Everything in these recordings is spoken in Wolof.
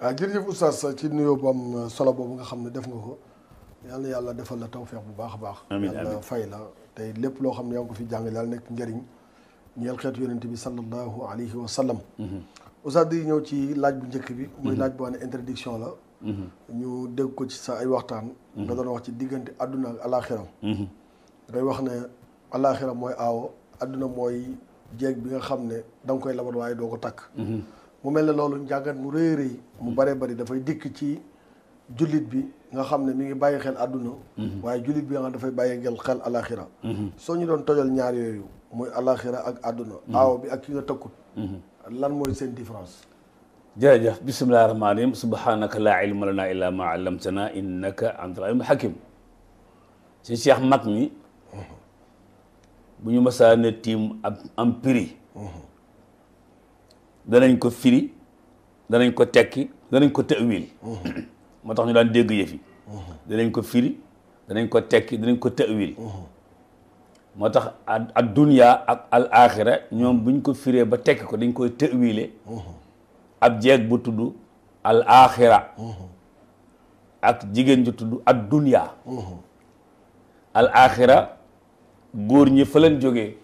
waaw ah, jërëjëf sa ci nuyoo bu am eh, solo boobu nga xam ne def nga ko yàlla yàlla defal la tawféex bu baax a baax. amiin yàlla fay la tey lépp loo xam ne yaa ngi ko fi jàng daal nekk njëriñ ñeel xeetu yonent bi sallallahu alayhi wa sallam. Mhm. oustaz di ñëw ci laaj bu njëkk bi. muy mhm. laaj boo xam ne interdiction la. Mhm. ñu dégg ko ci sa ay waxtaan. nga doon wax ci diggante àdduna ak alaaxiram. ngay wax ne alaaxiram mooy aawo àdduna mooy jéeg bi nga xam ne da koy labar waaye doo ko takk. mu mel ne loolu njàngat mu rëy rëy mu mm-hmm. bare bari dafay dikk ci jullit bi nga xam ne mu ngi bàyyi xel àdduna mm-hmm. waaye jullit bi nga dafay bàyyi ngel xel alaxira mm-hmm. soo ñu doon tojal ñaar yooyu muy alaxira ak àdduna aaw bi ak ki nga tëkkut lan mooy seen différence jërëjëf bisimillahi rahmaani rahim subhanaka laa ilma lana illaa maa allamtana innaka antal alim hakim si cheikh mag mi bu ñu masaa ne tiim ab am prix danañ ko firi danañ ko tekki danañ ko tawil mm-hmm. moo tax ñu daan dégg yëf mm-hmm. danañ ko firi danañ ko tekki danañ ko tawil mm-hmm. moo tax a dunya ak al axira ñoom buñ ko firee ba tekki ko dañ koy tawile ab jeeg bu tudd al ak jigéen ju tudd ak dunya al axira góor ñi fa leen jógee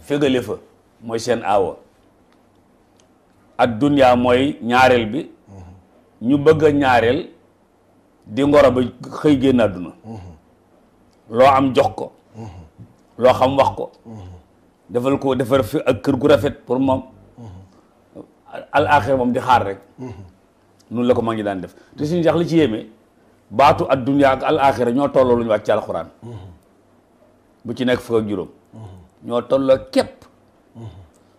fegale fa mooy seen aawa ak dunya mooy ñaareel bi ñu bëgg ñaareel di ngoro ba xëy génn àdduna loo am jox ko loo xam wax ko defal ko defar fi ak kër gu rafet pour moom al axir moom di xaar rek noonu la ko maa ngi daan def te suñu jax li ci yéeme baatu ad dunya ak al ñoo tolloo lu ñu wàcc ci alxuraan bu ci nekk fukk ak juróom ñoo tolloo képp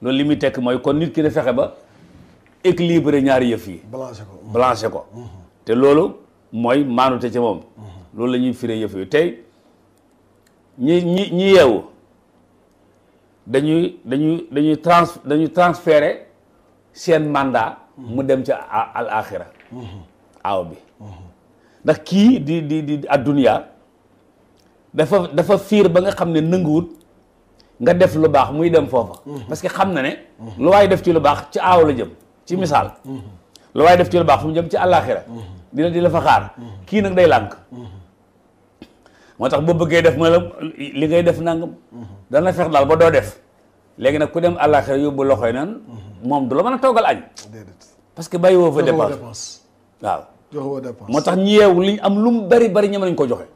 loolu li muy tekk mooy kon nit ki di fexe ba équilibré ñaari yëf yi. balancé ko balancé ko. Mm-hmm. te loolu mooy maanute ci moom. Mm-hmm. loolu lañuy ñuy firee yëf yi tey ñi ñi ñi yeewu dañuy dañuy dañuy trans dañuy transféré seen mandat. mu mm-hmm. dem ci al axira aaw bi. ndax kii di di di addunya dafa dafa fiir ba nga xam ne nanguwut nga def lu baax muy dem foofa. parce que xam na ne. lu waay def ci lu baax ci aaw la jëm. ci misaal lu waaye def ci lu baax fu mu jëm ci àllaaxira dina di la fa xaar kii nag day lànk moo tax boo bëggee def mooy la li ngay def nangam dana fex daal ba doo def léegi nag ku dem àllaaxira yóbbu loxoy naan moom du la mën a toggal añ parce que bàyyi woo fa dépense waaw joxewoo moo tax ñu yeewu li ñu am lu mu bari bari ñeme nañ ko joxe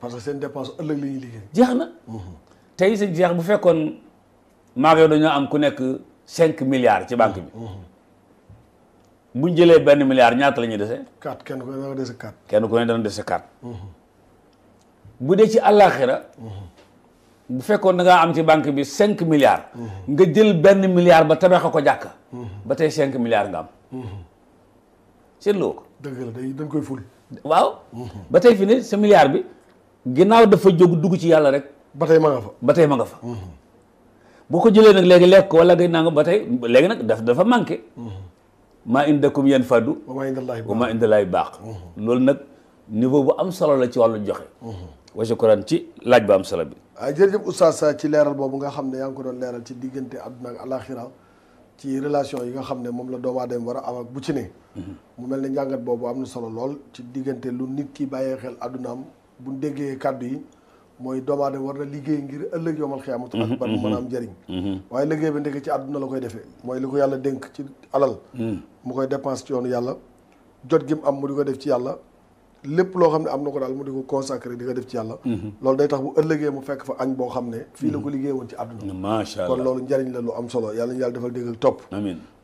parce que seen dépense ëllëg li jeex na mhm. tey si jeex bu fekkoon maa ngi dañoo am ku nekk cinq milliards ci banque bi mhm. bu ñu jëlee benn milliard ñaata la ñuy dese. 4 kenn ku ne dana dese 4. kenn ku bu dee ci àllaaxira bu fekkoon da ngaa am ci banque bi cinq milliards. nga jël benn milliard ba tabax ko jàkk ba tey cinq milliards nga am. seetloo ko. dëgg koy ful. waaw. ba tey fi ne sa milliard bi ginnaaw dafa jóg dugg ci yàlla rek. ba tey ma nga fa ba tey ma nga fa. boo ko jëlee nag léegi lekk ko wala nga nangam ba tey léegi nag dafa dafa manqué. maa indakum yan faddu wa maa indallahi baax loolu nag niveau bu am solo la ci wàllu joxe wa shukran ci laaj bu am solo bi waaw ah, jërëjëf sa ci leeral boobu nga xam ne yaa ngi ko doon leeral ci diggante àdduna ak alaxira ci relation yi nga xam ne moom la doomu aadama war a am ak bu ci ne mu mel ne njàngat boobu am na solo lool ci diggante lu nit ki bàyyee xel am bu déggee kàddu yi mooy doomu aadama war na liggéey ngir ëllëg yomal xiyaamatu mhm, akbar mhm, mën a am njëriñ mhm. waaye liggéey bi ndekk ci àdduna la koy defee mooy li ko yàlla dénk ci alal mu koy dépense ci yàlla jot gi mu am mu di ko def ci yàlla lépp loo xam ne am na ko daal mu di ko consacré di ko def ci yàlla loolu day tax bu ëllëgee mu fekk fa añ boo xam ne fii la ko liggéey woon ci àdduna macha allah kon loolu njëriñ la lu am solo yàlla ñu yàlla defal dégg ak topp